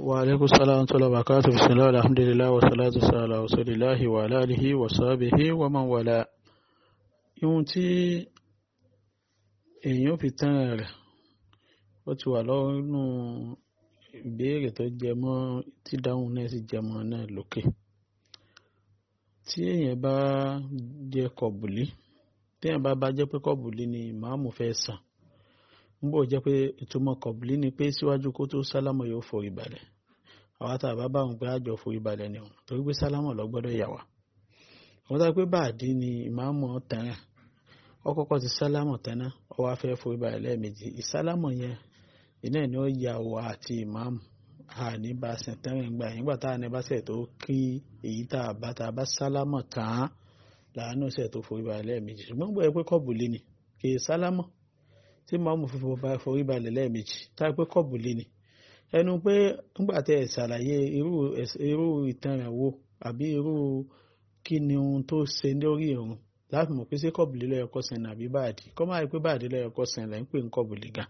وعليكم السلام ورحمة الله وبركاته بسم الله الحمد لله والصلاة والسلام على رسول الله وعلى آله وصحبه ومن والاه ihun tí èèyàn fi tán rẹ̀ ó ti wà lọ́nù ìbéèrè tó jẹ mọ́ tí dáhùn náà sì jẹ mọ́ náà lókè tí èèyàn bá jẹ kọ̀bùlí téèyàn bá bá jẹ́ pé kọ̀bùlí ni ìmáàmù fẹ́ san nígbà jẹ́ pé ìtumọ̀ kọ̀bìlì ni pé síwájú kó tó sálámù yóò forí balẹ̀ àwa tá a bá bá òun pé àjọ forí ni òun torí pé lọ gbọ́dọ̀ yà wá àwọn pé báàdì ni ìmáàmù tẹ̀ràn ọkọ̀kọ̀ ti sálámù tẹ̀nà ó wá forí balẹ̀ lẹ́ẹ̀mejì ìsálámù yẹn iná ni ó ya wá àti ìmáàmù àní bá sẹ̀ gbà a ní bá sẹ̀ tó kí tí màmú fi forí balẹ̀ lẹ́ẹ̀mejì tá pé kọ́ọ̀bù lé ni ẹnu pé ńgbà tẹ ẹ ṣàlàyé irú ìtanràn wo àbí irú kí ni ohun tó ṣe lórí ìrun láti mọ̀ pé ṣé kọ́ọ̀bù lé lọ́yọ̀ kọ́ sẹ́ni àbí báàdì kọ́ máa rí pé báàdì lọ́yọ̀ kọ́ sẹ́ni lẹ́yìn pé ń kọ́ọ̀bù lé gan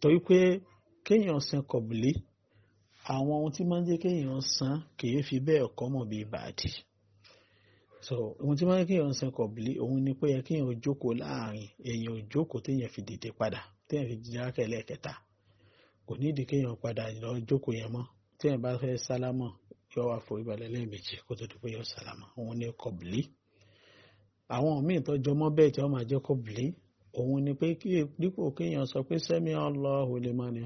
torí pé kéèyàn san kọ́ọ̀bù lé àwọn ohun tí máa ń jẹ́ kéèyàn san kì í fi bẹ́ẹ̀ kọ́ mọ̀ bíi báàdì so ohun tí wọ́n yẹ kéèyàn ṣe kọ̀bìlì òun ni pé yẹ kéèyàn jókòó láàrin èèyàn jókòó téèyàn fi dìde padà téèyàn fi jíjá kẹlẹ́ kẹta kò ní ìdí kéèyàn padà lọ jókòó yẹn mọ́ téèyàn bá fẹ́ sálámọ̀ yọ wá forí balẹ̀ lẹ́ẹ̀mejì kó tó di pé yọ sálámọ̀ òun ni kọ̀bìlì àwọn míì tọ́jú ọmọ bẹ́ẹ̀ tí wọ́n máa jẹ́ kọ̀bìlì òun ni pé dípò kéèyàn sọ pé sẹ́mi Allahu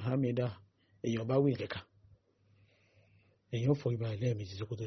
hamida èèyàn bá wí kẹ̀kà èèyàn forí balẹ̀ lẹ́ẹ̀mejì kó tó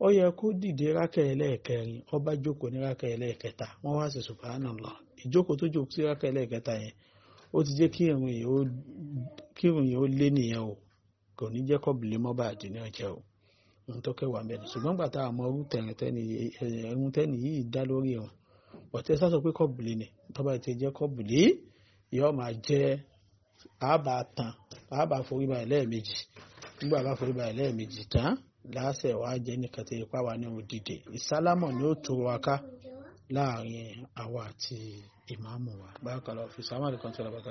ó yẹ kó dìde rákà ẹlẹ́ẹ̀kẹrin ó bá jókòó ní rákà ẹlẹ́ẹ̀kẹta wọ́n wá sí subhanallah ìjókòó tó jókòó sí rákà ẹlẹ́ẹ̀kẹta yẹn ó ti jẹ́ kí irun yìí ó lé nìyẹn o kò ní jẹ́ kọ́bìlì mọ́bà àdínní ọjẹ́ o ohun tó kẹwàá bẹ̀rẹ̀ ṣùgbọ́n gbà tá a mọ orú tẹ̀rìntẹ́ni yìí dá lórí wọn bọ̀tẹ́ sá sọ pé kọ́bìlì ni tọ́ba ti jẹ́ kọ́bìlì yóò máa jẹ́ àbá tán àbá forí balẹ̀ lẹ́ẹ̀mejì nígbà bá forí balẹ̀ lẹ́ẹ̀mejì tán láṣẹ wa jẹ́ nìkan tó yẹ pa ní òun dìde ni ó tó wa ká láàrin àwa àti ìmáàmù wa bákan lọ fi sàmàlì kan tó lọ bàtà.